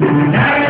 Now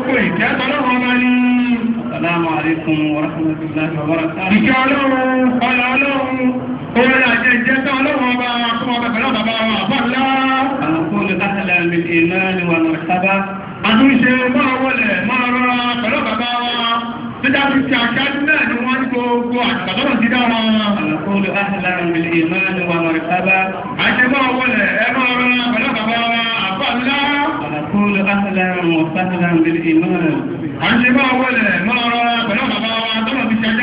gbogbo ìkẹ́ ọlọ́run ọba ní. Assalamu alaikum wa rahmatullahi wa barakatuh. Ìkẹ́ ọlọ́run ọlọ́ ọlọ́run orin àti ìjẹta ọlọ́run ọba fún ọba pẹ̀lú bàbá wa àbọ̀lá. Àkókò ahla bil iman wa marhaba. Àtúnṣe máa wọlé máa rọra pẹ̀lú bàbá wa. nígbà tí ti àṣáájú náà ni wọ́n ń gbogbo àtàlọ́nà ti dá wọn. àlùkòlù ahàlànà mi lè máa ń wà lórí sábà. àṣẹ máa wọlé ẹ máa rán ọlọ́kàbá wa àbá ńlá. àlùkòlù ahàlànà mọ̀ sáhàlà mi lè máa. àṣẹ máa wọlé máa rán ọlọ́kàbá wa tọ́lọ̀ ti bá a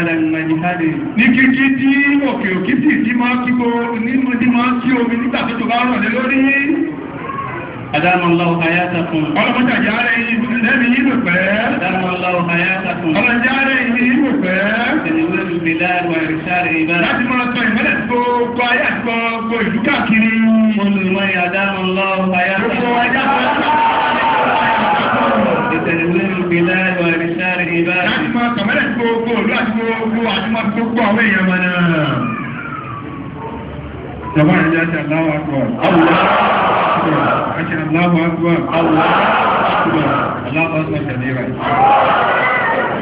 lẹ́nu mẹ́jìkáde. Adámọ̀lọ́wọ́ ayátàkùn. Ọlọ́mọdé àjárẹ̀ yìí lẹ́bi yìí lò pẹ́. Adámọ̀lọ́wọ́ ayátàkùn. Ọlọ́járẹ̀ yìí lò pẹ́. Ìdíwé lùmí láàrú àìsáré ibà. Láti máa sọ ìmọ̀lẹ̀ gbogbo ayé àti gbogbo ìlú káàkiri. Mo lè mọ ìyàdámọ̀lọ́wọ́ ayátàkùn. Gbogbo ayátàkùn. Ìtẹ̀lẹ́wé lùmí láàrú àìsáré ibà. Láti máa kàmẹ́lẹ̀ gbogbo ìlú àti gbogbo àti máa gbogbo àwọn èèyàn mọ̀ náà. Jọba ìjọ Akbar, Allahu Akbar, Allahu Akbar, Allahu Akbar tẹ̀lera.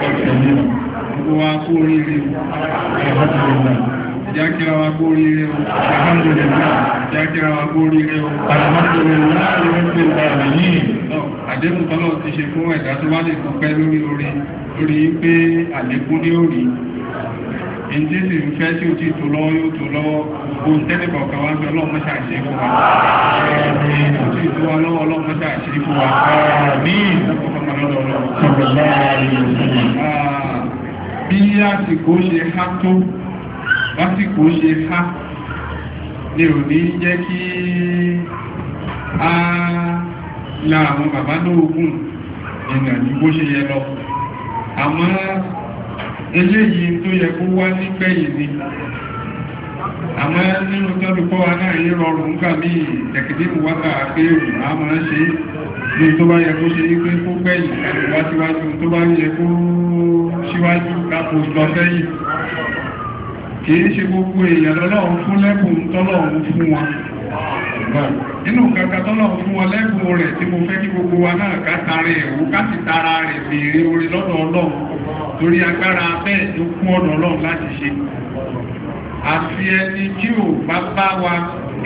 Tẹ̀lera. Gbogbo wa kú oríire alhamdulillah. Ìjá kíra wa kú oríire alhamdulillah. Ìjá kíra wa kú oríire alhamdulillah. Àdéhùn tọ́lọ̀ ti ṣe fún ẹ̀dá tó wá lè tọ́pẹ́ lórí orí lórí pé àlékún ní orí ìdí sì ń fẹ́ tí ó ti tò lọ́wọ́ yóò tò lọ́wọ́ ohun tẹ́lẹ̀kọ̀ọ̀kan wá ń bẹ ọlọ́mọ́ṣà ṣe fún wa àmín bí àsìkò ṣe há tó lásìkò ṣe há ni ò ní jẹ́ kí a la àwọn bàbá lóògùn ìrìnà ní bó ṣe yẹ lọ àmọ́ eléyìí tó yẹ kó wá nígbẹ̀yìn ni àmọ́ nínú tọ́lùkọ́ wa náà yí rọrùn ń gbà mí ẹ̀kìdí mú wákà pé òun a máa ṣe é ní tó bá yẹ kó ṣe ní pé kó gbẹ̀yìn wá síwájú tó bá yẹ kó síwájú lápò lọ sẹ́yìn kìí ṣe gbogbo èèyàn lọ́lọ́run fún lẹ́bùn tọ́lọ́run fún wọn nínú kàkà tọ́lọ́run fún wọn lẹ́bùn rẹ̀ tí mo fẹ́ kí gbogbo wa náà ká tarẹ̀ ẹ̀wọ́ ká tara rẹ̀ béèrè orí lọ́dọ̀ ọlọ́run torí agbára bẹ́ẹ̀ tó kún ọ̀dọ̀ ọlọ́run láti ṣe àfi ẹni tí ò bá bá wa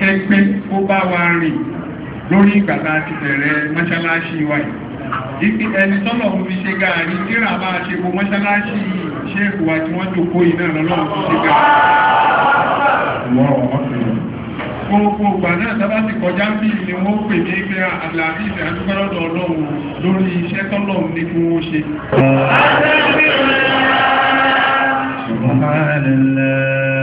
kẹ́gbẹ́ ó bá wa rìn lórí ìgbà tá a ti bẹ̀rẹ̀ mọ́ṣáláṣí wa yìí ibi ẹni tọ́lọ̀ ń fi ṣe gààrí kíra bá a ṣe bo mọ́ṣáláṣí ṣéèkù wa tí wọ́n jòkó yìí náà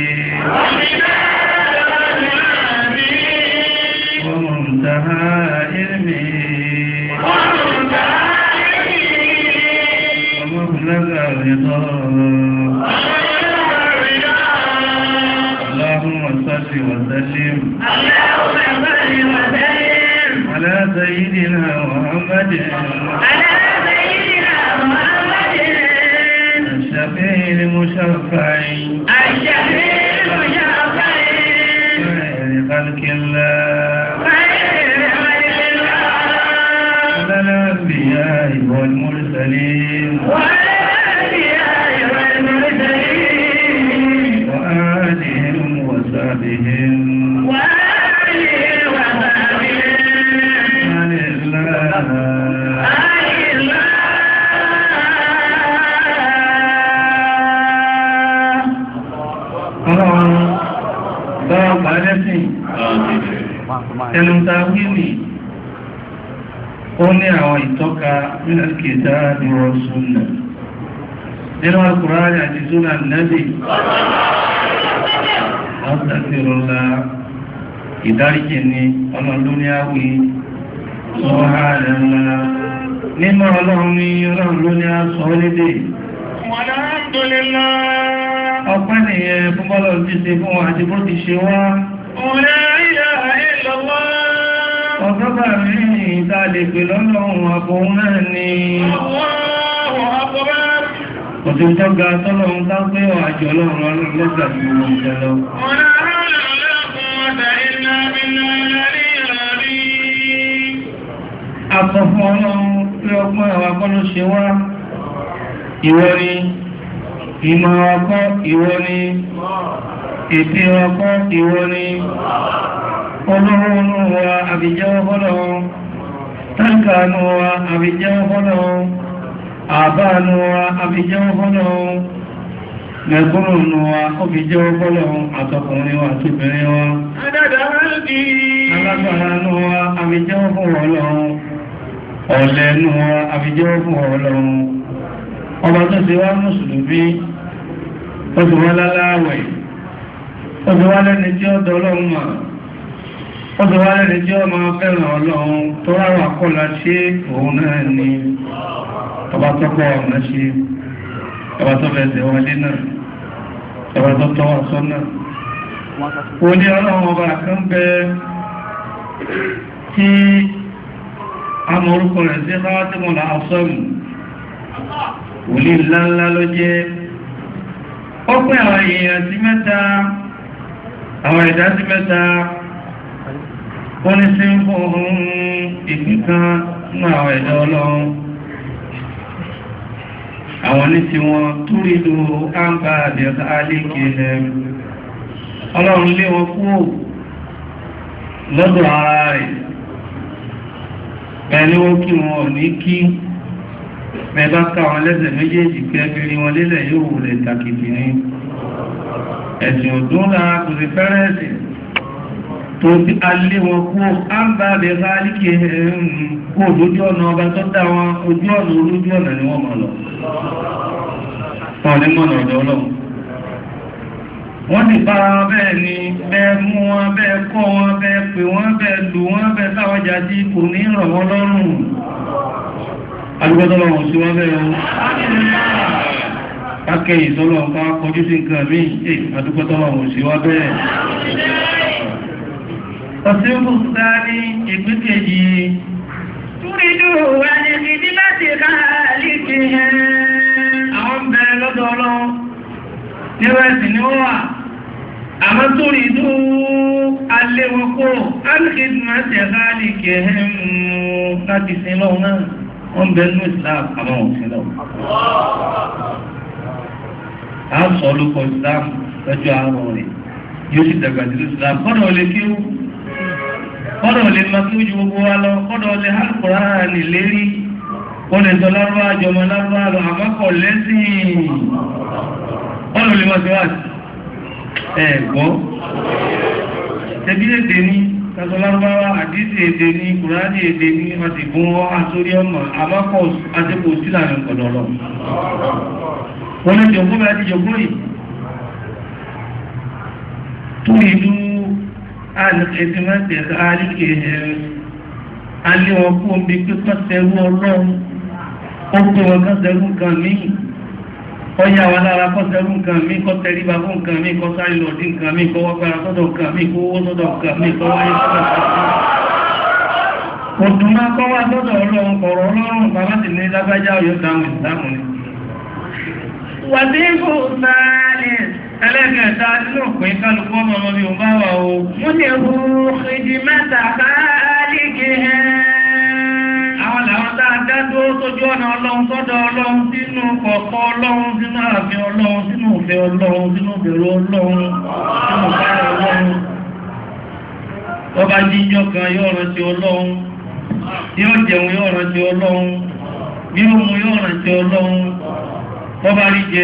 علمي وعند علمي ومبلغ رضاك اللهم صل وسلم اللهم صل وسلم على سيدنا محمد على سيدنا محمد الشفيع المشفع الشفيع المشفع خير خلق الله من الكتاب والسنة nínú alkùnrin àti súnà nẹ́bì ọ́sàkìrọ̀lá ìdáríkì ni ọlọ́lóníáwí ọ̀hánàlá nínú ọlọ́run ní ọlọ́lóníá sọ lédè ọpẹ́ nìyẹn fún bọ́lọ̀ ti ṣe fún àti bó ti ṣe wá ọ̀rẹ́ ọ̀tọ́bà mẹ́rin ìtàlẹ̀pẹ̀ lọ́nà ohun àbòun náà ni ọ̀tọ́ tọ́gá tọ́lọ ń tápẹ́ àjọ ọlọ́run alẹ́gbẹ́sà tí ó ń jẹ lọ Àtọ̀fún ọlọ́run pé ọgbọ́n àwọn akọ́lù ṣe wá ìwọ ni, ìmọ̀ ọkọ́ ìwọ ni, ètè ọkọ́ ìwọ ni, ọlọ́run wa àbíjẹ́ ọlọ́run tánkàánú wa àbíjẹ́ ọlọ́run àbáánú wa àbíjẹ́ ọlọ́run mẹ́gbọ́nù wa ọbíjẹ́ ọlọ́run àtọkùnrin wa àtìbìnrin wa alágbàránú ọlọ́run ọ̀lẹ́nu wa àbíjẹ́ ọlọ́run ọba tó ti wá ọdọ̀ wa lẹ́rẹ̀ jẹ́ ọmọ fẹ́ràn ọlọ́run tó ráwà kọ́lá ṣe òun náà ni ọba tó kọ́ ọ̀nà ṣe ọba tó fẹsẹ̀ wọlé náà ọba tó tọ́wà sọ́nà ó ní ọlọ́run ọba kan bẹ tí a mọ orúkọ rẹ̀ sí káwátìmọ̀lá asọ́mù òlì ńláńlá ló jẹ́ ọpẹ́ àwọn èèyàn mẹ́ta ó ní sí fún ohun ìpínkan nínú àwọn ẹ̀dá ọlọ́run àwọn ní ti wọn tó rí lu ámbà àdẹ̀ká aléèké lẹ̀ ọlọ́run lé wọn kúrò lọ́dọ̀ ara rẹ̀ pẹ̀lú ó kí wọn ní kí bẹ́ẹ̀ ká wọn lẹ́sẹ̀ méjèèjì kẹ́bìrin wọn lélẹ̀ yóò wò tàkìtì ní ẹ̀sìn òdún kò sí fẹ́rẹ́ tó bí alé wọn kú á ń bá bẹ fáálíkì kó lójú ọ̀nà ọba tó dá wọn ojú ọ̀nà olójú ọ̀nà ni wọ́n mọ̀ lọ wọn ní mọ̀nà ọ̀dọ̀ ọlọ́run wọ́n ti bára wọn bẹ́ẹ̀ ni bẹ́ẹ̀ mú wọn bẹ́ẹ̀ kọ́ wọn bẹ́ẹ̀ pè wọn bẹ́ẹ̀ lù wọn bẹ́ẹ̀ táwọn jáde kò ní ràn wọ́n lọ́rùn alúgbọ́dọ́lọ́ wọn sí wọ́n bẹ́ẹ̀ wọn kákẹ́ ìsọ́lọ́ kọjú sí nǹkan míì àdúgbọ́dọ́lọ́ wọn sí wọ́n bẹ́ẹ̀ Ọ̀sẹ́kùn sáré ìgbékejì. Túrídù ẹni ìdí láti káàlì kí ẹ. Àwọn bẹ̀rẹ̀ lọ́dọ̀ ọlọ́run. Nírẹ̀sì ni ó wà. Àmọ́ túrídù aléwọ́kó. Alìkìdìmọ̀ ti káàlì kí ẹ láti sin lọ́wọ́ náà. Wọ́n bẹ̀rẹ̀ ní Islam àmọ́ òsìn lọ. A sọ lóko Islam lọ́jọ́ àárọ̀ rẹ̀. Yóò sì dàgbà sí Islam. Kọ́nà ò lè kí ó kọ́dọ̀ lè máa kí ojú gbogbo wa lọ kọ́dọ̀ lè hàkùrá nì lérí ó lè sọ lárúbá àjọmọ lárúbá lọ àmọ́kọ̀ lẹ́sìn kọ́dọ̀ lè máa sọ wá ẹ̀ gbọ́ ẹbí èdè ní kásọ lárúbá wa àdísì èdè ní kùránì èdè ní àti fún wọn àsórí ọmọ àmọ́kọ̀ àtẹ́kù sílà ní kọ̀dọ̀ lọ wọ́n lè jọ fún mi àti jọ fún yìí alìkèdìmọ́tì àríkè ẹ̀rù alẹ́ wọn kú omi pípọ́ sẹ́rú ọlọ́run ó pé wọn kán sẹ́rú nǹkan mí ọyá wa lára kọ́ sẹ́rú nǹkan mí kọ́ tẹrí ba fún nǹkan mí kọ́ sáré lọ dín nǹkan mí kọ́ wọ́pẹ́ra sọ́dọ̀ nǹkan mí kó owó sọ́dọ̀ nǹkan mí kọ́ wáyé sọ́dọ̀ nǹkan mí. òdùnmá kọ́ wá sọ́dọ̀ wàdí fún sáà ẹlẹ́kẹ̀ẹ́ta nínú òpin kálukú ọmọ ọmọ mi ò bá wà o. mo lè ìdí mẹ́ta káàlìkì hẹ́. àwọn làwọn tá a dá dúró sójú ọ̀nà ọlọ́run sọ́dọ̀ ọlọ́run sínú kọ̀ọ̀kọ́ ọlọ́run sínú ààfin ọlọ́run sínú ọlọ́run sínú ọlọ́run sínú ìbára ọlọ́run. ọba jíjọ kan yóò rántí ọlọ́run jẹun yóò rántí ọlọ́run mu yóò rántí ọlọ́run rí jẹ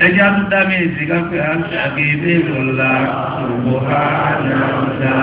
ẹjá tó dá mi èsì kápẹ́ àgbègbè lọ́la ògbò àjàmdà.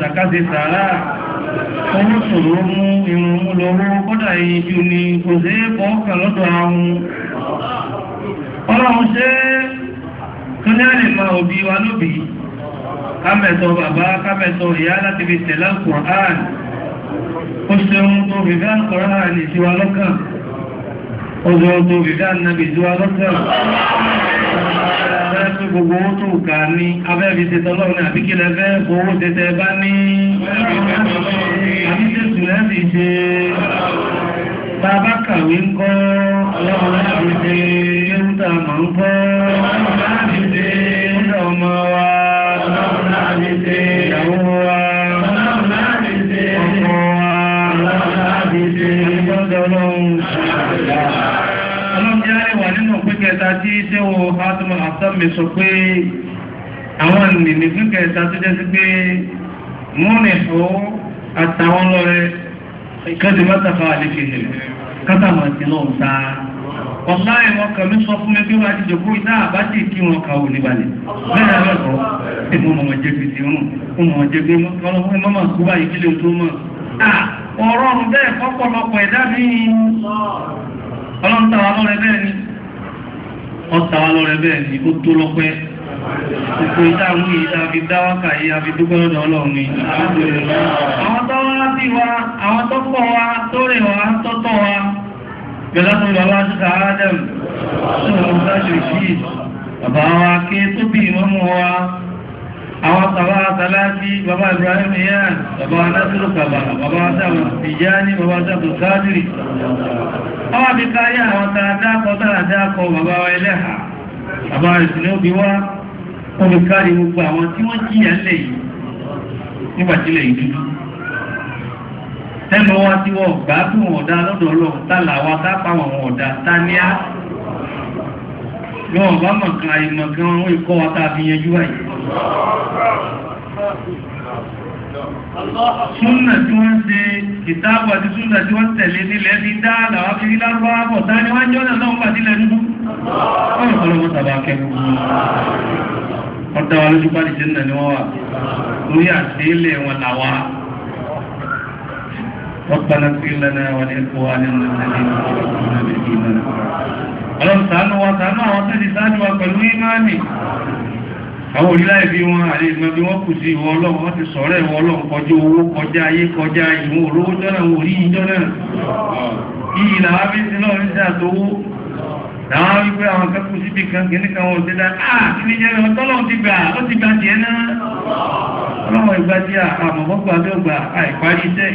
sàkásí sàárà owó sòrò mú irun mú lọ́wọ́ kọ́dà ìjú ni kò sí fọ́ọ̀kà lọ́dọ̀ ahun ọlọ́run ṣe tó ní àlè máa òbí wa lóbi kámẹ́tọ̀ bàbá kámẹ́tọ̀ ìyá láti fi tẹ̀lá Al-Qur'an ó ṣeun tó fi fẹ́ Al-Qur'an ìṣíwa lọ́kàn ó ṣeun tó fi fẹ́ fún gbogbo owó tó kà ní abẹ́bí ti tọ́lọ́run àbí kí lẹ́fẹ́ owó tẹ́tẹ́ bá ní àbí tẹ́sù lẹ́sì ṣe bàbá kàwé ń kọ́ ọlọ́run láti ṣe ẹ̀rúta mọ̀ ń kọ́ ọlọ́run láti ṣe ẹ̀rúta ọmọ wa ọlọ́run láti ṣe ìyàwó wa ọlọ́run láti ṣe ọkọ wa jẹ́ àríwá nínú pẹ́kẹta tí ṣe Fatima Asami sọ pé àwọn ènìyàn kẹta tó jẹ́ sí pé múni ọ̀ àtàwọn lọ́rẹ́ kẹ́sì mẹ́tàfà àlejò ìṣẹ̀lẹ̀ kátà máa ti náà ta ọ̀la ẹ̀wọ̀n kan ló sọ fún mi pé wọ́n ti jòkó iná àbájì kí wọ́n kà ó níbalẹ̀ bẹ́ẹ̀ náà lọ́kọ̀ọ́ tí mo mọ̀ jẹ́ gbèsè rùn mo mọ̀ jẹ́ gbé ọlọ́run mọ́mọ́ kú báyìí kí lè tó mọ̀ ọ̀rọ̀ bẹ́ẹ̀ kọ́pọ̀lọpọ̀ ẹ̀dá mi ọlọ́run tàwa lọ́rẹ́ bẹ́ẹ̀ ni ọ̀tà wa lọ́rẹ̀ bẹ́ẹ̀ ni ó tó lọ́pẹ́ Ìpò ìdáhùn yìí àfi dáwákà yìí àfi dúpẹ́ Ọlọ́run ni. Àwọn tó wá sí wa, àwọn tó pọ̀ wa, tó rẹ̀ wa, tó tọ́ wa. Bẹ̀lá tó bàbá ṣíta Adam, tó wọ́n bá ṣe sí. Bàbá wa ké tó bí ìmọ́mú wa. Àwọn bàbá Salati, bàbá Ibrahim Iyan, bàbá Nasiru Kaba, bàbá Sábà Tijani, bàbá Sábà Sadiri. ọwọ́ fi kárí àwọn tààdá kọ tààdá kọ bàbá wa ẹlẹ́hà bàbá rẹ̀ sì ní ó bí wá ó kárí gbogbo àwọn tí wọ́n jìyà lẹ̀ yìí nígbàtílẹ̀ ìdúdú tẹ́lọ wá tí wọ́n gbà fún ọ̀dá súnà tí wọ́n ń ṣe ìtaàbọ̀ àti súnà tí wọ́n tẹ̀lé nílẹ̀ ti dá àlàwà kiri lárúbáwá bọ̀ tá ní wọ́n jọ́nà náà wà nílẹ̀ dúdú ọ̀rọ̀ ọlọ́wọ́ tàbí akẹ́kọ̀ọ́ ọ̀dà wa lójú bá nìjẹ́ nà ni wọ́n wà lórí àtẹ́lẹ̀ wọn làwà ربنا اغفر لنا àwọn orílẹ̀ èdè wọn àlejò bí wọ́n kù sí ìwọ ọlọ́run wọ́n ti sọ̀rọ̀ ìwọ ọlọ́run kọjá owó kọjá ayé kọjá ìwọ̀n olówó jọ́nà orí ìjọ́nà yìí làwọn abẹ́sí náà ń ṣe àtọwó làwọn wípé àwọn kan kù síbi kan kìíní kan wọn ò tẹ́lá àà kí ni jẹ́ lọ́wọ́ tọ́lọ́run ti gbà ó ti gbà tiẹ̀ náà ọlọ́run ìgbà tí àmọ̀mọ́gbà tó gbà àìparí iṣẹ́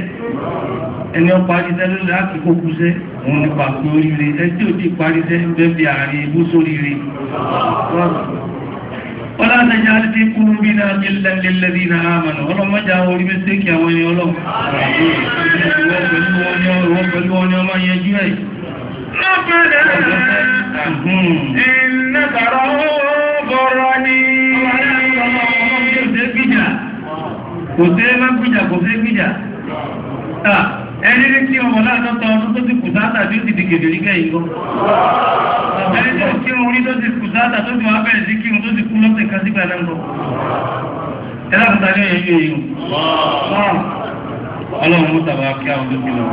ẹni ọ parí iṣẹ́ ló lè ákìkó kúṣẹ́ òun nípa pé oríire ẹ tí ò ti parí iṣẹ́ ń bẹ́ bí ààrin ibú sóríire wọ́lá àtàjá àti kúrú bí náà mílẹ̀ lẹ́lẹ́bí náà àmàlà ọlọ́mọjá orí mẹ́sẹ́kì àwọn ẹni ọlọ́run Kò tẹ́ má gbìjà, kò tẹ́ gbìjà. Ah ẹni rí kí ọmọ láàtọ́tọ́ ọdún tó ti kùsáàtà tí ó ti di gèdè nígbà yìí gan. ẹni tó kí irun orí tó ti kùsáàtà tó ti wá bẹ̀rẹ̀ sí kírun tó ti kú lọ́sẹ̀ kan sígbà náà lọ. ẹ lákòóta ní ẹ̀yìn ẹ̀yìn ọlọ́run mú tàbá kí àwọn tó ti lọ.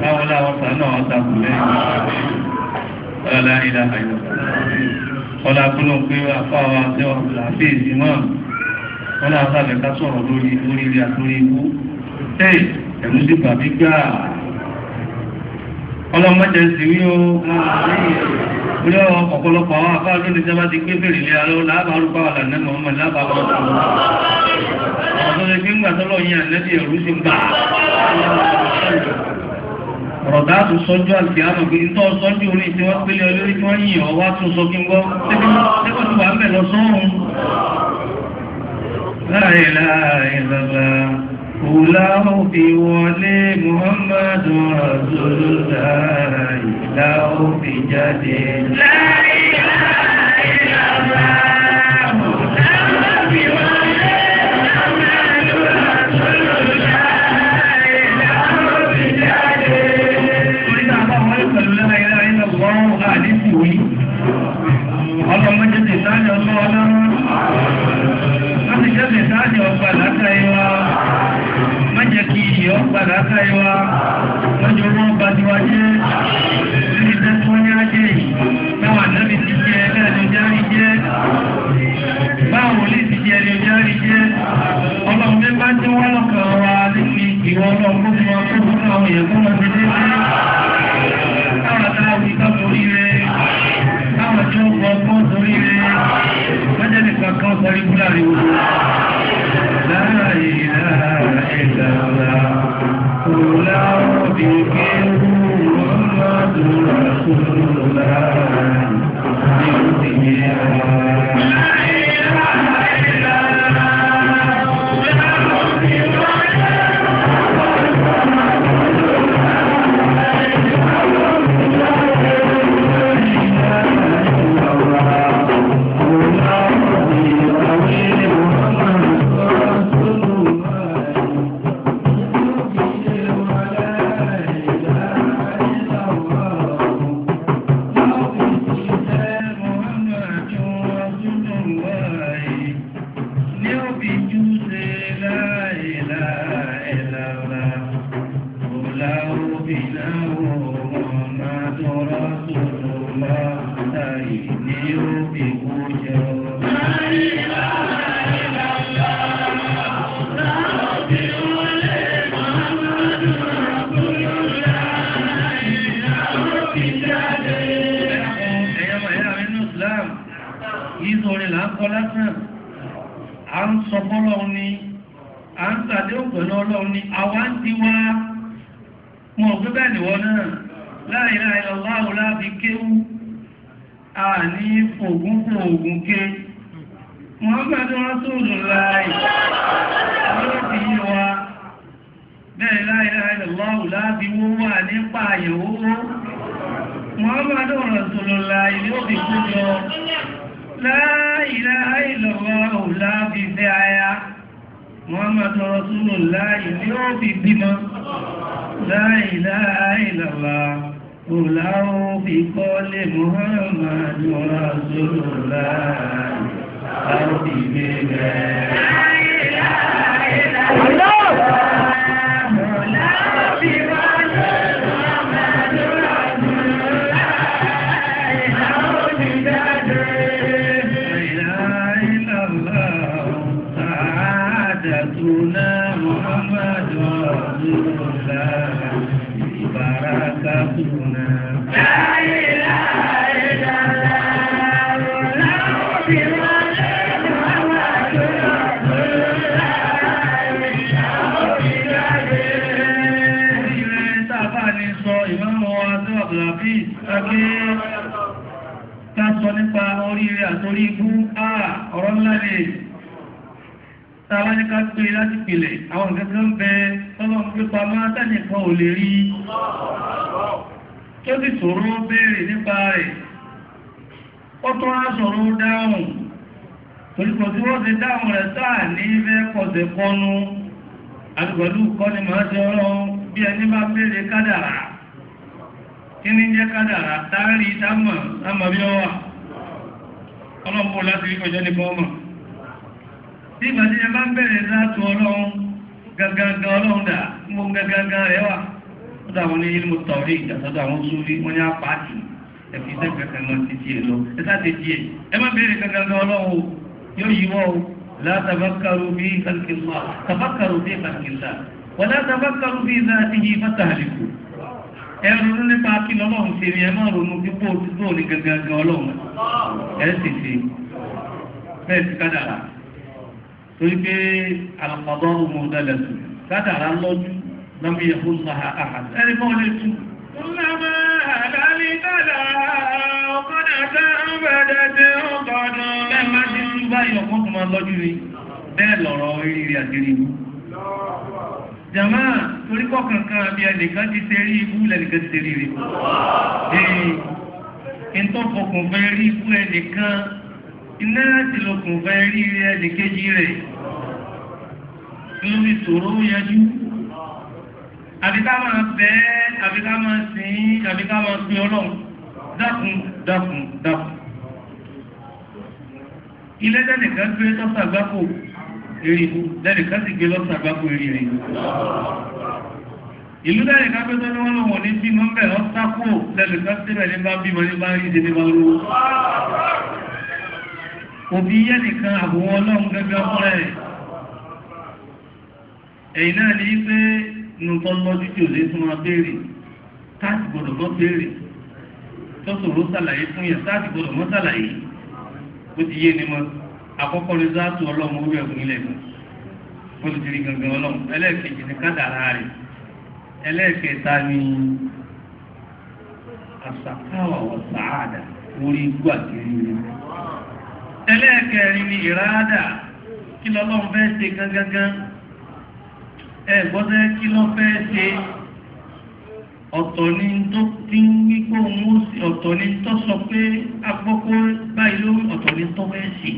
báwo láwọn sàn náà wọ́n ta kùlẹ̀ ọ̀la ìlà àyọ̀ ọ̀la gbọ́dọ̀ pé afáwa àtẹ́wà làáfíì ìsìn náà wọ́n náà sábẹ̀ ká sọ̀rọ̀ lórí lórí ilé àtúrí ikú ẹ̀rù sí bàbí gbà ọlọ́mọdé sí rí o orí ọ̀pọ̀lọpọ̀ àwọn afáà lónìí tí a bá ti gbé bèrè lé alọ́ lábàárùpá wà lànà mọ̀ ọmọ lábàárùpá ọ̀tọ́lẹ̀ fi ń gbà tọ́lọ̀ yìí ànẹ́bí ẹ̀rù sí gbà ọ̀rọ̀dá tó sọ́jú àti àmọ̀ pé ń tọ́ sọ́jú orí tí wọ́n pélé olórí tí wọ́n yìn ọwá tún sọ kí ń gbọ́ tẹ́kọ̀ọ́ Ìlàó fi wọlé Muhammadu Rasulullah, ìlàó fi jáde. Láì láì lábá, ìlàó fi wọlé Muhammadu Rasulullah, ìlàó fi jáde. Orí náà bá wọ́n ń pẹ̀lú lára ilá ilá wọ́n àdísì wí. Ọlọ́mọdé ti sáájọ́ ọlọ́ọ̀lọ́rọ̀. Wọ́n ti jẹ́ ti sáájọ́ ọgbà látàrí wa padà káyíwá lọ́jọ́ wọn bá ti wá jẹ́ ní ìdẹ́kùnrin ajé náà nábi ti jẹ́ ẹlẹ́ni járí jẹ́ báwo lè ti jẹ́ ẹlẹ́ni járí jẹ́ ọlọ́run bí bá jẹ́ wọ́n lọ́kàn wa níbi ìwọ ọlọ́run fún àwọn èèyàn fún ògún fún ògún ké Muhammadu Rasulullah ọlọ́rọ̀ ti yí wa bẹ́ẹ̀ láìláì lọ́wọ́ láti wó wà nípa àyẹ̀wó Muhammadu Rasulullah ilé òbí kó lọ láìláì lọ́wọ́ láti fẹ́ aya Muhammadu Rasulullah ilé òbí bímọ láìláì lọ́wọ́ Kùláwó fi kọ́lé Muhammadu Rasulullah, àwọn ìgbé rẹ̀. Láyé láyé láyé láyé láyé láyé nípa oríire àtorí ibú àà ọ̀rọ̀ ńlá lè tàbáníká pé láti pìlẹ̀ àwọn ǹkan tó ń bẹ tọ́lọ́ pípa máa tánìkan ò lè rí tó sì ṣòro béèrè nípa rẹ̀ ó tún á ṣòro dáhùn torípọ̀ tí wọ́n ti dáhùn rẹ̀ sáà ní fẹ́ kọ̀sẹ̀ kọnu àgbẹ̀lú kọ́ni máa jẹ́ ọlọ́run bí ẹni bá béèrè kádàrà kí ní jẹ́ kádàrà tárí támọ̀ támọ̀ bí ó wà ọlọ́pọ̀ láti rí ọjọ́ nípa ọmọ tí ìgbà tí ẹ bá ń bẹ̀rẹ̀ látún ọlọ́run gangan ọlọ́run dà mú gangan rẹ̀ wà ó dàwọn ní ilmu tọ̀rí ìjàsọ́dọ̀ àwọn sórí wọ́n ní apáàtì ẹ̀fí sẹ́fẹ̀ẹ́ kan lọ títí ẹ̀ lọ ẹ sáà tẹ̀tí ẹ̀ ẹ má bẹ̀rẹ̀ gangan ọlọ́run yóò yíwọ́ o látàbákàrù bí e ronú nípa kí lọ́lọ́run ṣe ni ẹ ronú pípò títò ní gangan ọlọ́run ẹ sì bẹ́ẹ̀ sí kádàrà torí pé àlàpàdọ́ ọmọ ọ̀dàlẹ̀ sùn kádàrà lọ́jú lọ́mí ẹ̀kọ́ ń sáà ẹni bọ́ tó jama torí kọkànkan àbí ẹnìkan ti ṣe rí ibú lẹ́nìkan ti ṣe rí rí ẹ̀yìn tó fọkùn fẹ́ rí ibú ẹnìkan iná ti lọkùn fẹ́ rí rí ẹnìkejì rẹ̀ lórí ìṣòro yanjú àbíká máa bẹ́ àbíká máa sìn àbíká máa pín ọlọ́run dákun dákun dákun ilé tẹ́nìkan gbé tọ́sàgbákò eré ibú lẹ́nì kan sì gbé lọ́sàn àgbákò eré rẹ̀ ìlú lẹ́nì kan pẹ́tọ́ ní wọ́n lọ wọ̀n ní bí wọ́n bẹ̀ ọ́ sákò lẹ́nì kan síbẹ̀ ní bá bímọ ní bá rí ìdílé bá rú òbí yẹ́ nìkan àbòwọ́ ọlọ́run gẹ́gẹ́ ọkùnrin rẹ̀ èyí náà ní pé nùtọ́ lọ́jú tí ò lè fún wọn béèrè táàtì gbọ́dọ̀ mọ́ béèrè tọ́sọ̀rọ̀ sàlàyé fún yẹn táàtì gbọ́dọ̀ mọ́ sàlàyé bó ti yé ni mọ́ àkọ́kọ́ ni záàtù ọlọ́run orí ẹ̀gùn ilẹ̀ mọ́ olùdírí gangan ọlọ́run ẹlẹ́ẹ̀kejì ni kádàrá rẹ̀ ẹlẹ́ẹ̀kẹta ni asakawa wa saada, orí igbó àkiri rẹ̀ ẹlẹ́ẹ̀kẹrin ni irada, kí lọ́lọ́run fẹ́ ṣe gangan ẹ gbọ́dọ̀ kí lọ́ fẹ́ ṣe ọ̀tọ̀ ni tó ti ń wí pé òun ó sì ọ̀tọ̀ tó sọ pé agbọ́kọ́ báyìí lórí ọ̀tọ̀ ni tó fẹ́ ṣe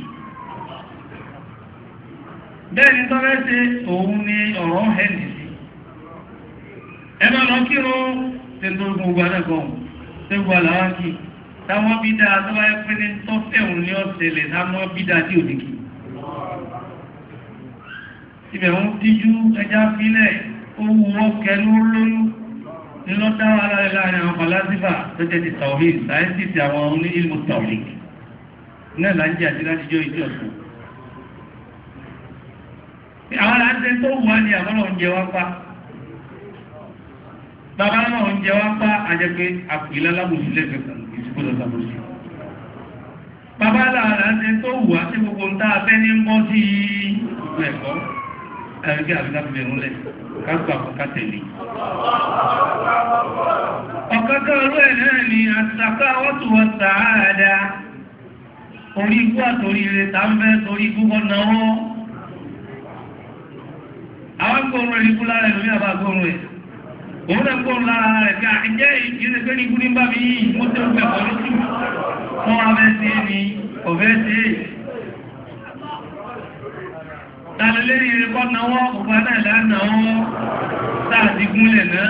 bẹ́ẹ̀ni tó bẹ́ ṣe òun ni ọ̀rọ̀ ń hẹ́ndì sí ẹgbẹ́ lọ kí ló tètò gbogbo anákan tẹ́gbọ́ aláwákì táwọn bídá tó bá pẹ́ ní tó fẹ́hùn ní ọ̀sẹ̀lẹ̀ táwọn bídá tí ò dìkì ibẹ̀ ń díjú ẹja fílẹ̀ owó ọkẹ lólólú ní lọ dáwà láàrin láàrin àwọn palásífà tó jẹ́ ti tàwí sáyẹ́ǹsì ti àwọn onílmù tàwí náà láńjẹ́ àti láti jọ ìjọ ọ̀sán àwọn aláǹtẹ tó wà ní àwọn náà ń jẹ wá pa bàbá náà ń jẹ wá pa àjẹpé àpìlẹ̀ alábòsí lẹ́fẹ̀ẹ́ kan ìsìnkú lọ́sà bòsí. bàbá làwọn aláǹtẹ tó wà sí gbogbo ń tá a fẹ́ ní ń bọ́ sí ẹ̀kọ́ ẹ̀rẹ́gẹ́ àbíká fi bẹ̀rù lẹ̀ ká gbà tẹ̀lé. ọ̀kọ́kọ́ ọlú ẹ̀ náà ni àṣàkà wọ́tùwọ́tà àádá orí ikú àtòrí ire tá ń fẹ́ torí ikú kọ́ náwó àwọn gbóòrùn rẹ̀ nígbó lára ẹ̀lú ní àbá gbóòrùn rẹ̀ òun náà gbóòrùn lára rẹ̀ pé àjẹ́ ìṣẹ́lẹ̀ pé nígbó ní bábi yìí mo tẹ́ òun ẹ̀kọ́ lójú fún abẹ́ sí ni ọ̀fẹ́ sí èyí. tàlélé ìrè kọ́ náwó òkú aláìlá náwó sáà ti gúnlẹ̀ náà.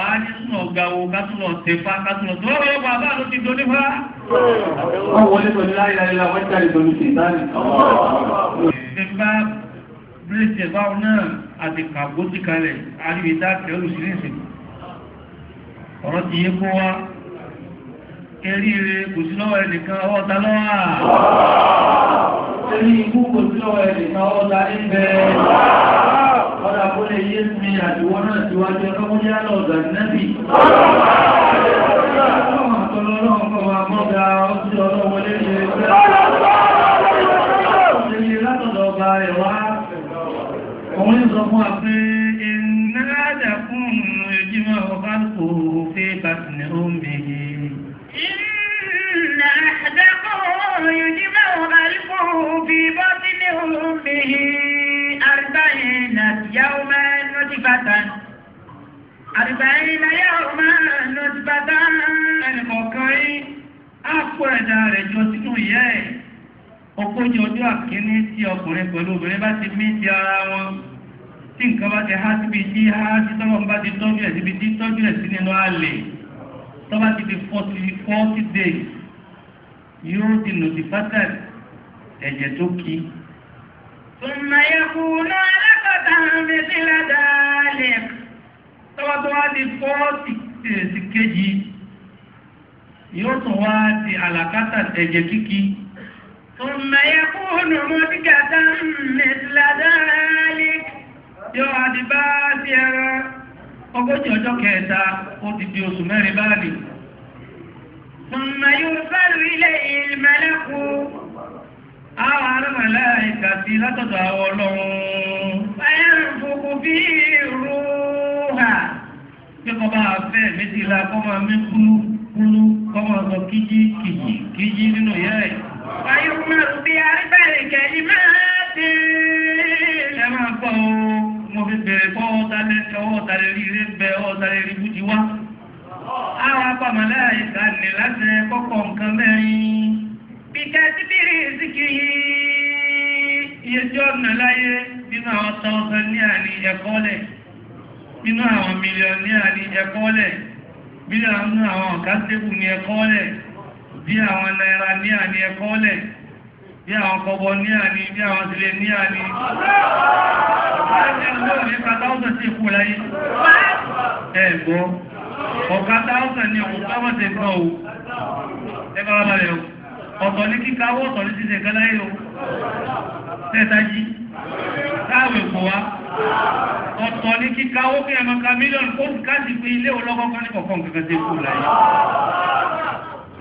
àwa ní súnà ọ̀gá wo kátúnà tẹ̀fà kátúnà tó wọ́n wọ́n bàbá ló ti do nípa. wọ́n wọlé pẹ̀lú láìláìlá wọ́n jáde pẹ̀lú ṣètánì. ìgbà bíléèsì ẹ̀báwọn náà àti kàgbó ti kalẹ̀ àríwíta kẹ́ olùsílẹ̀sì ọ̀rọ̀ ti yé kó wá ẹ̀rí rẹ̀ kò sí lọ́wọ́ ẹnìkan ọwọ́ ta lọ́wọ́ ẹ̀rí ikú kò sí lọ́wọ́ ẹnìkan ọwọ́ ta ní bẹ́ẹ̀ ọ̀dà kó lè yé mi àtiwọ́ náà síwájú ọlọ́mọdé àlọ́ ọ̀gá nẹ́bì Òun ní sọ fún àpá àdìbàyìn náyà ọmọ lọ́dúbàtà ẹnìkọ̀ọ̀kan yìí á kó ẹ̀dá rẹ̀ jọ sínú ìyá ẹ̀ ogójì ọjọ́ àkíní tí ọkùnrin pẹ̀lú obìnrin bá ti mí ti ara wọn tí nǹkan bá ti há síbi tí há sí tọ́lọ́ bá ti tọ́jú ẹ̀ síbi tí tọ́jú ẹ̀ sí nínú àlè tó bá ti di forty days yóò ti nòtí pátẹ́ẹ̀tì ẹ̀jẹ̀ tó kí. Tùmọ̀ yẹ kùnú alákọ̀tà mi sílẹ̀ dáálẹ̀ tọ́wọ́ tó wá di fọ́ọ̀tì eh, tẹ̀sí kejì yóò tún wá di àlàkátà ẹ̀jẹ̀ kíkí. ثم يكون مدكة مثل ذلك yóò wá di bá ti ẹran ogójì ọjọ́ kẹta ó ti di oṣù mẹ́rin báàdì. ثم يرسل إليه الملك àwọn arúgbàlá ìkàtí látọ̀dọ̀ àwọn ọlọ́run. ẹ̀rù fòkò bí irú. kà pé kọ́ bá a fẹ́ méjìlá kọ́ máa mí kọ́ máa sọ kíjí kíjí nínú ìyá ẹ̀. ayọ̀kùnrin òbí arígbẹ̀rẹ̀ kẹ́lí máa dé. ẹ máa gbọ́ o mo rí ilé bẹ ọwọ́ rí wá. láti kọ́kọ́ nǹkan mẹ́rin. bìkẹ́ iye tí ọ̀nà láyé nínú àwọn tọ́ọ̀tàn nínú àwọn mílíọ̀níà ní ẹkọ́ọ́lẹ̀ bí àwọn àwọn ọ̀kásẹ́kù ní ẹkọ́ọ́lẹ̀ bí àwọn náírà níà ní ẹkọ́ọ́lẹ̀ bí àwọn kọbọ níà ní bí àwọn sílẹ̀ níà ní ẹgbọ́ ọ̀ká táọ́sàn ni ọ̀pọ̀ pàmọ́sẹ̀ kan o ẹgbàra balẹ̀ o ọ̀tọ̀ ní kíkà wọ́tọ̀ ní sísẹ̀ kẹ́láyé o tẹ́ẹ̀tají táàwẹ̀ kò wá ọ̀tọ̀ ní kíka owó kí ẹ̀mọ̀ ká mílíọ̀nù kó ń káàdì pé ilé olókọ́kọ́ ní kọ̀ọ̀kan kankan tí kú láyé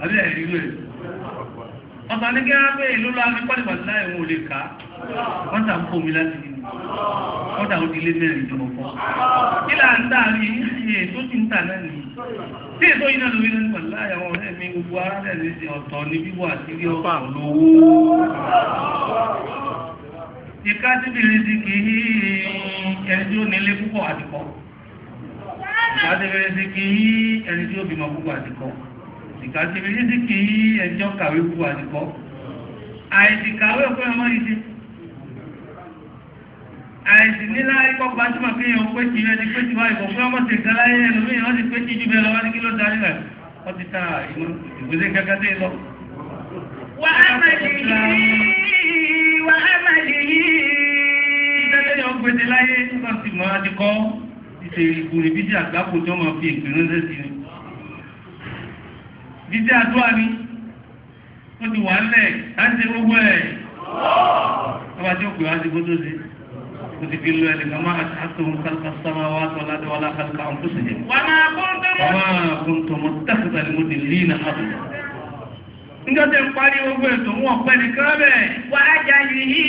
abẹ́ ìlú ẹ̀ ọ̀tọ̀ ní kí á pé ìlú lọ àmì pọ́lìpàtì láyé wọn ò lè ká wọ́n tà ń kó mi láti nínú wọ́n tà ó di ilé mẹ́rin tó mọ̀ kí là ń tààrí iye tó ti ń tà náà nìyí tí èso yìí náà lórí lórí pẹ̀lú láyé ọ̀rẹ́ mi gbogbo ara rẹ̀ ní ọ̀tọ̀ ní bíbọ̀ àti rí ọ̀pá lówó ìkásíbìrì sí kì í ẹni tí ó nílé púpọ̀ àdìkọ́ ìkásíbìrì sí kì í ẹni tí ó bímọ púpọ̀ àdìkọ́ ìkásíbìrì sí kì í ẹni tí ó kàwé púpọ̀ àdìkọ́ àìsìkàwé ọ̀pẹ́ ọmọ yìí ti àìsì nílá ikọ̀ gbajúmọ̀ pé èèyàn pé kí ẹni pé tí wá ìbọ̀ pé ọmọ ti gan láyé ẹnu mí wọ́n ti pé kí jù bẹ́ẹ̀ lọ́wọ́ ní kí ló darí rẹ̀ wọ́n ti ta ìgbésẹ̀ gẹ́gẹ́ dé lọ. wàá mẹ́lẹ̀ yìí. وأمله ìdájọ́ ọgbẹ̀dẹ̀ láyé nígbà tí màá ti kọ́ ìṣe ìgbòrè bídí àgbákò tó máa fi èpè ránṣẹ́ sí ni bídí àdúrà ni ó ti wà ńlẹ̀ láti gbogbo ẹ̀ ọba tí ó pè wá sí gbótó sí ó ti fi lo ẹnìkan máa àtúntò kálukà sábà wá tó ládé wà láhàlùkà ọ̀hún tó sì máa kó ń tó mọ́. mo ti lé ní nígbà tẹ́ ń parí gbogbo ètò wọn pẹ́ ní kírọ́bẹ̀. wà á jà yìí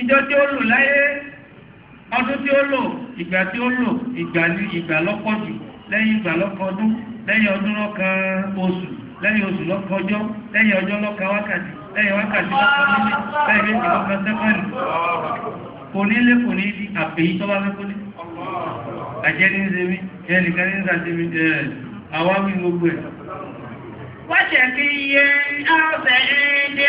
ìjọ tí ó lò láyé ọdún tí ó lò ìgbà tí ó lò ìgbà ní ìgbà lọ́pọ̀ jù lẹ́yìn ìgbà lọ́pọ̀ ọdún lẹ́yìn ọdún lọ́kan oṣù lẹ́yìn oṣù lọ́kan ọjọ́ lẹ́yìn ọjọ́ lọ́kan wákàtí lẹ́yìn wákàtí lọ́kan méjì lẹ́yìn méjì lọ́kan sẹ́kọ̀nì kò àjẹ́ ní ṣe mí ẹnìkan ní ń ṣàṣe mí àwọn wí gbogbo ẹ̀ وشقي أو سعيد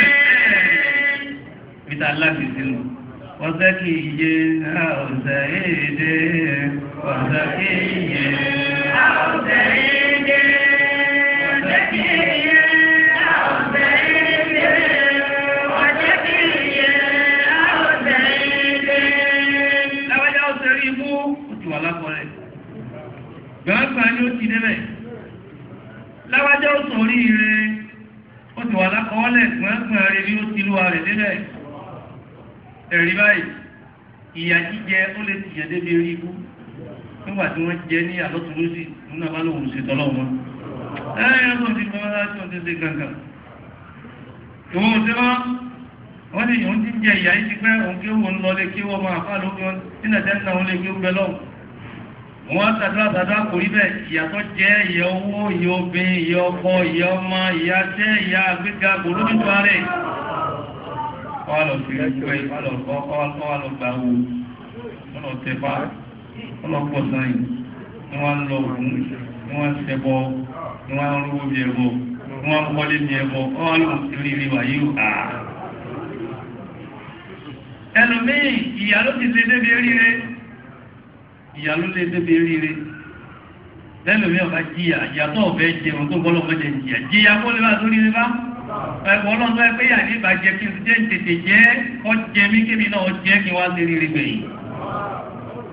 بتعلق السلم وزكي أو سعيد وزكي أو سعيد وزكي أو سعيد Gbàgbà ni ó ti débẹ̀ lábájá ó sùn oríire ó ti wà lákọọ́lẹ̀ pẹ́ẹ́pẹ́ rẹ̀ bí ó ti lúwa rẹ̀ délẹ̀ ẹ̀rí báyìí ìyà jíjẹ ó lè tìyàn débi rí ikú nígbà tí wọ́n jẹ ní àlọ́túnlọ́sì nínú abálòhùn ṣètọ́lọ́ wọn ẹ̀yìn ọdún ti fọ́n láti ọdún ti gangan ìwọ̀n òṣè wọ́n wọ́n ti yóò ti jẹ ìyà yìí ti pẹ́ òun kí wọ́n lọ lé kí wọ́n máa fà lókè wọn nínú ẹ̀dẹ́ náà wọ́n lè gbé ó bẹ lọ́wọ́ wọ́n sàdúrà sàdúrà kò rí bẹ́ẹ̀ ìyàtọ̀ jẹ́ ìyà owó ìyà obìnrin ìyà ọkọ ìyà ọmọ ìyà jẹ́ ìyà gbígbà gbòòrò nípa rẹ̀ ọlọ fi gbẹ ọlọ gbọ ọlọ gbà wò ọlọ tẹpa ọlọ pọ sáyìn ni wọ́n ń lọ òun ni wọ́n ń ṣẹbọ ni wọ́n ń rówó bí ẹbọ ni wọ́n ń kọ́lé bí ẹbọ ọlọ ìrìn ìrìn wàyí ò à. ẹlòmíì ìyà ló ti ṣe débi eré ìyá ló lé débi ríire lẹ́lòmí ọba jìyà ìyàtọ̀ ọ̀bẹ jẹun tó gbọ́dọ̀ mọ́jẹ jìyà jìyà kó lè bá tó rí bá ẹ̀kọ́ náà tó ẹ pé yàrá ìbá jẹ kí n jẹ́ tètè jẹ́ kọ́ jẹ mí kémi náà jẹ́ kí wá sí rírí gbẹ̀yìn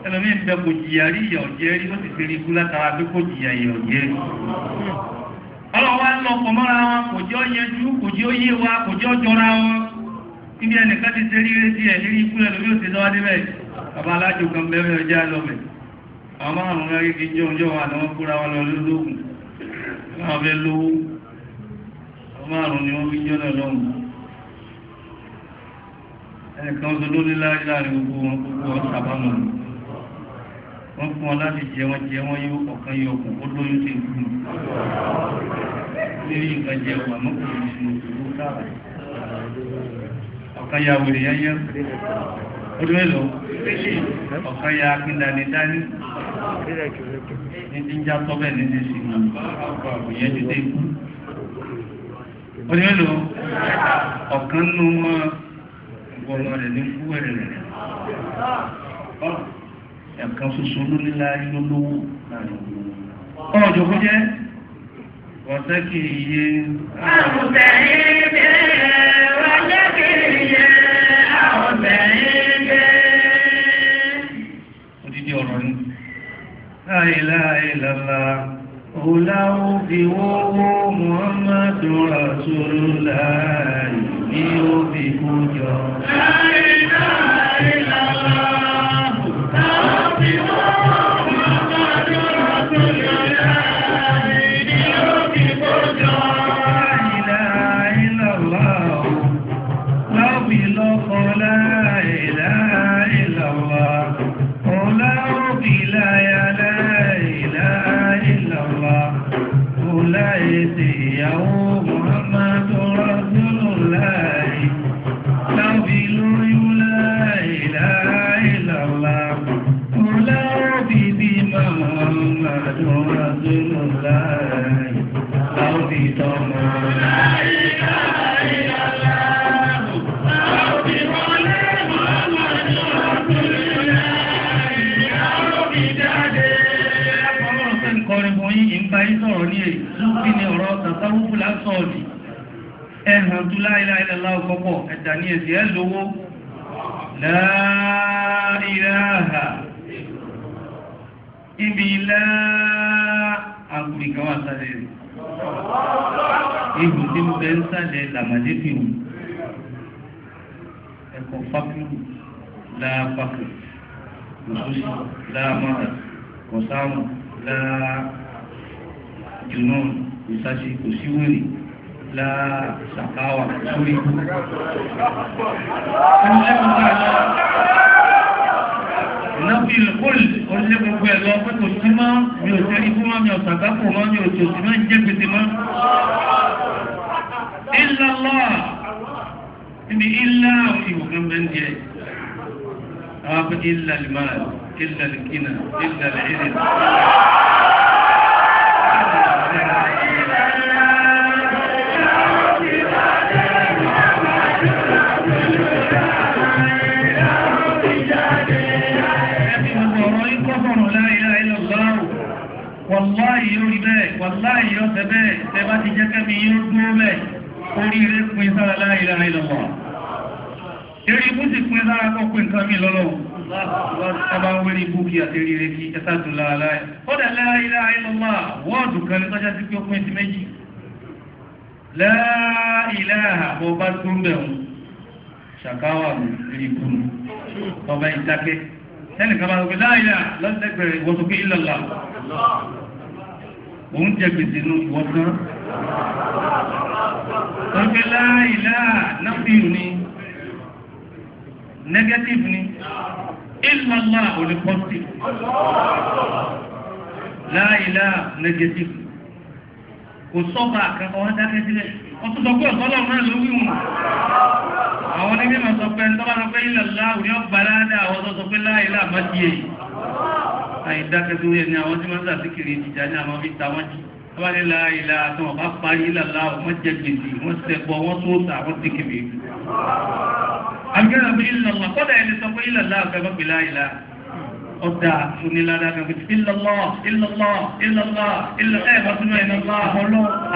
ẹlòmí ń bẹ kò jìyà rí ìyà ọ̀jẹ́ rí ó sì fi rí ikú látara pé kò jìyà ìyà ọ̀jẹ́ rí ọlọ́wà lọ pọ̀ wọn kò jẹ́ ọyẹjú àwọn àrùn rẹ̀ kí jẹ́ òjò wà ní wọ́n kúra wọn lọ lóògùn láwọn lówó àwọn àrùn ni wọ́n fi jẹ́ ọ̀nà lọ́hùn ẹ̀ẹ̀kan tó ló nílá láàrin gbogbo wọn gbogbo ọ̀sàbámọ̀ wọ́n fún wọn láti jẹ wọn jẹ wọn yóò ọ̀kan yóò kù ó lóyún sí ìlú lórí nǹkan jẹ wà mọ́kùnrin ìṣòro káàkiri ọ̀kan yà wèrè yẹ́yẹ́ ọdún èlò ọ̀kan ya akíndani dání ní jíjá tọ́bẹ̀ ní ti sì mọ̀ ìyẹn ti dé ikú ọdún èlò ọ̀kan nù mọ́ ọgbọ̀nà rẹ̀ ní kú ẹ̀rẹ̀ rẹ̀ ẹ̀kan ṣoṣo ló nílá lólówó ọ̀rọ̀ jòkó jẹ́ wọ́tẹ́kì iye àwọ̀bẹ̀rin bẹ̀rẹ̀ wọ́tẹ́kì iye àwọ̀bẹ̀rin odidi ọ̀rọ̀ ni. láìlá ìlàlá òláwó fi wọ́wọ́ muhammadu rasulullah ní ó fi kú jọ. láì ẹ̀hàn tó la ilaha illallah ọ̀pọ̀pọ̀ ẹ̀dà ní ẹ̀sì ẹ̀ lówó la ilaha ibi ilá àgbìkan wà sálẹ̀ rẹ̀ ibù tí ń bẹ ń sálẹ̀ làmàdé fi hù ẹ̀kọ́ fákìlù láàpákìlù lọ́sọ́sì láàmàrà kọ̀sáàmù láà jùnú ìsáṣe kò sí لا شقاوة كسوري nọ́bí kúl orílẹ̀ gbogbo ẹ̀lọ pẹ́tò sí mọ́ mi ò tẹ́rí fún mọ́ mi ò sàgbápò mọ́ mi ò tí ò sí mọ́ jẹ́ pèsè mọ́ ìlàlọ́ ibi ìlà ìwòkàn bẹ́ndẹ̀ àwọn pẹ́ ìlà lìmáà ìlà lìkínà ìlà lìírìn wàláyé yóò rí bẹ́ẹ̀ wàláyé yóò tẹ́ bẹ́ẹ̀ tẹ́ bá ti jẹ́ kẹ́mi yóò dúró bẹ́ẹ̀ orí rẹ̀ pin sára láyé láyé lọ́wọ́ eré ibú sì pin sára kọ́ pin nǹkan mi lọ́lọ́ ọba ń wérí ibú kí àti eré kí ẹ̀sà tó láàláyé kódà láyé láyé mi rí ibú ọba ìdákẹ́ tẹ́lẹ̀ kan bá sọ pé láàyè lọ́sẹ̀gbẹ̀rẹ̀ ìwọ sọ pé ìlàlá òun jẹ gbèsè nù ìwọ kan sọ pé láàyè láà náfíù ni negative ni ìlàlá ò láàyè láà negative kò sọ́ba kan ọ̀hún dákẹ́ sílẹ̀ wọ́n tún sọ pé ọ̀tọ́lọ̀ náà ló wí wọn. àwọn onímọ̀ sọ pé ńlọ́wọ́ lọ pé ilẹ̀ ńlá òní ọgbà láàdá àwọn sọ pé láàyè láàmọ́ di èyí. àìdákẹ́tù rẹ̀ ni àwọn tí wọ́n sàtìkiri ìjìjà ní àwọn fi ta wọ́n jì. wọ́n ní láàyè láàtọ̀ wọ́n bá parí ilẹ̀ ńlá wọ́n ọ̀dà onílàdà kan kìí ìlọ́lọ́ ìlọ́lọ́ ìlọ́lọ́ ìlọ́ ẹ̀ bá tún náà ìlọ́lọ́ àbọ̀lọ́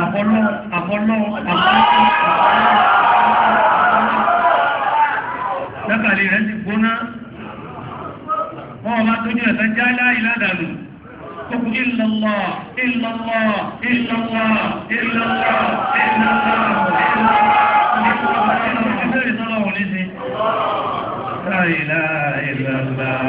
àbọ̀lọ́ àbọ̀lọ́ àbọ̀lọ́. Lákàlẹ̀ rẹ̀ ti gbóná. Wọ́n máa tójú ẹ̀sán jálá ìlàdàlù. Kókò ìlọ́lọ́ ìlọ́lọ́ ìlọ́lọ́ ìlọ́lọ́ ìlọ́lọ́ ìlọ́lọ́ ìlọ́lọ́ ìlọ́lọ́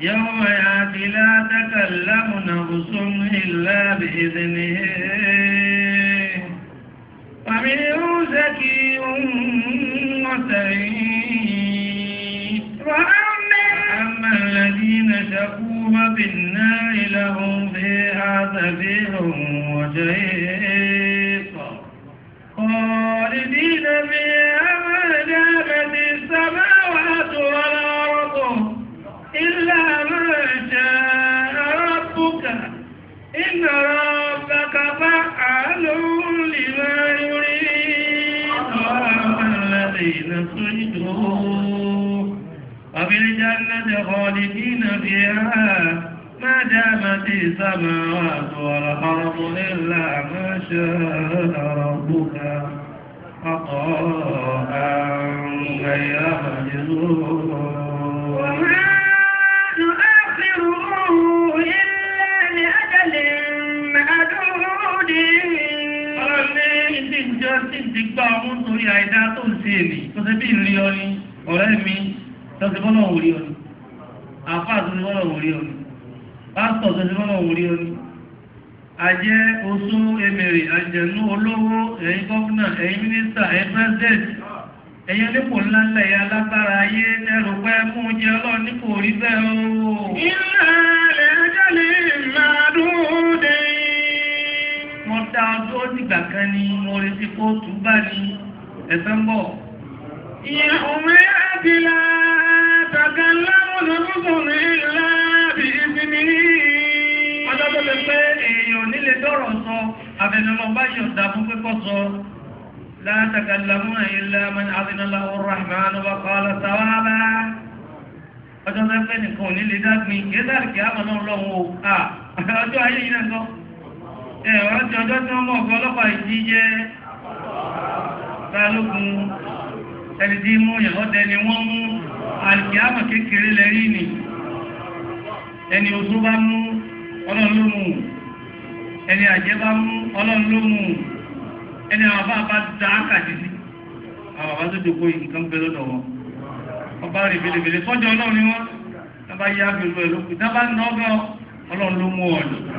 يوم ياتي لا تكلم نفس إلا بإذنه فمنه زكي وسعيد وأما الذين شكوا بالنار لهم فيها زفير وجيق خالدين فيها ما دامت السماء شاء ربك إن ربك فعل لما يريد وأما الذين سجدوا وفي الجنة خالدين فيها ما دامت السماوات والأرض إلا ما شاء ربك عطاء غير مجزور yọ sí ti gbá ọmọ torí àìdá tó ń ṣe èlì tó ṣe bí ìrí ọ ni ọ̀rẹ́ mi tó ṣe bọ́lọ̀ òrí ọ ni àfáà tó ṣe bọ́lọ̀ òrí ọ ni pásítọ̀ tó ṣe bọ́lọ̀ òrí ọ ni àjẹ́ oṣù emèrè àjẹ̀nú olówó ẹ̀yin gọ́fúnà ẹ̀yin mínísítà ẹ̀yin pírẹ́sidẹ̀ntì ẹ̀yin onípò ńláńlá ẹ̀yà alágbára ayé ẹ̀rù pẹ́ mú jẹ́ ọlọ́ọ̀ nípò orí bẹ́ẹ̀ o. ìlànà ẹ̀jẹ̀ lè mo dá a dúró dìgbà kan ni mo retí kó tù bá ní ẹ̀fẹ́ ń bọ̀. ìyá òun ẹ̀ ti la tàgàlámù lọ́dún mi láàbì ìsinmi. ọjọ́ tó lè pé èèyàn nílé dọ́rọ̀ sọ àfẹnulọ́gbà yọ̀ǹda fún pípọ̀ sọ. لا تكلمون إلا من أذن له الرحمن وقال ثوابا ọjọ́ tó ń pẹ́ nìkan ò ní lè dá gbin kí ẹ sáré kí á mọ̀ náà lọ́wọ́ ọjọ́ ayé yìí náà gan ẹ̀rọ ti ọjọ́ tí wọ́n mọ̀ ọ̀gọ́ ọlọ́pàá ìdí jẹ́ balógun ẹni tí mú yàn ọdẹ ni wọ́n mú alìkíámà kékeré lẹ́rí nì ẹni oṣù bá mú ọlọ́run ló mú ẹni àjẹ́ bá mú ọlọ́run ló mú ẹni àwọn bá bá dá kàdí sí àwọn bá tó dòkó nǹkan bẹ lọ́dọ̀ wọn ọba rè belebele sọ́jọ́ ọlọ́run ni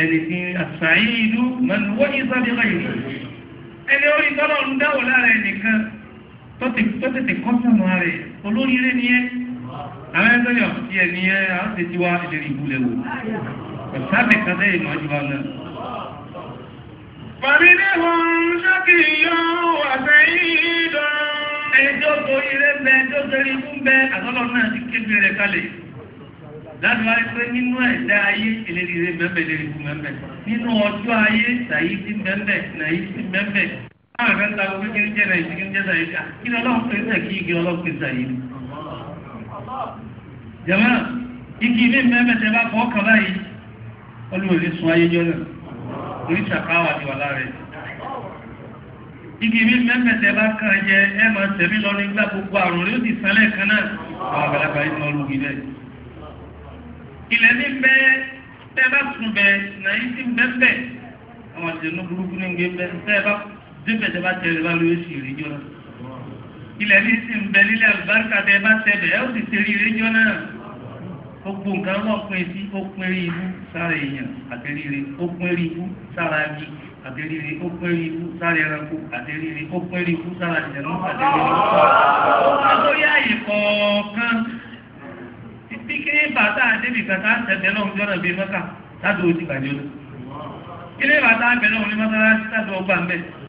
ẹni tí àṣàyídú mẹ́nu wọ́n yí sábẹ́ká yìí ẹni orí tọ́lọ̀ ń dáwọ̀ lára ẹnìkan tó tètè kọ́ sànù ara ẹ̀ olóríire ni ẹ́ àwọn ẹgbẹ́ yọ̀ sí ẹ̀ ní ẹ́ àwọn ti ti wá ìlérí ìbúlẹ̀ wò ọ̀sábẹ̀ kalẹ̀ láti wáyé pé nínú ẹ̀dá ayé ìlérí rẹ mẹ́mẹ́ lérí fún mẹ́mẹ́ nínú ọjọ́ ayé sàyí sí mẹ́mẹ́ nàyí sí mẹ́mẹ́ báwọn kan ta gbogbo kékeré jẹ́ nàyí sí kékeré jẹ́ sàyí ah, kí ni ọlọ́run pè sẹ́ kí igi ọlọ́run pè sàyí. jàmá igi ilé mẹ́mẹ́ tẹ bá fọ́ kàn báyìí olùwèlé sun ayé jọ náà orí ṣàkáwà ni wà lára ẹ̀ igi mi mẹ́mẹ́tẹ̀ bá kàn jẹ ẹ máa tẹ̀mí lọ ilẹ̀ ní bẹ́ tẹ́ bá tún bẹ́ nàyí ti bẹ́ bẹ́ àwọn àtẹnu burúkú ní gbé bẹ́ tẹ́ bá débẹ̀ tẹ́ bá tẹ̀lé bá lóye sí ìrìnjọ́ náà ilẹ̀ ní sì ń bẹ nílẹ̀ àlùbáríkà tẹ́ bá tẹ̀ bẹ́ ẹ ó sì tẹ̀lé ìrìnjọ́ náà gbogbo nǹkan náà pín sí ó pín rí ibú sára èèyàn àtẹ̀ríire ó pín rí ibú sára agi àtẹ̀ríire ó ibú sára ẹranko àtẹ̀ríire ó ibú sára ìjẹ̀nú àtẹ̀ríire títí kéré bàtà débi kàtà tẹ̀tẹ̀ náà ń jọ́nà bíi mọ́kà táàdù ó ti bàjẹ́ lọ. kéré bàtà bẹ̀rẹ̀ òun ní mọ́kà láti táàdù ọgbà ń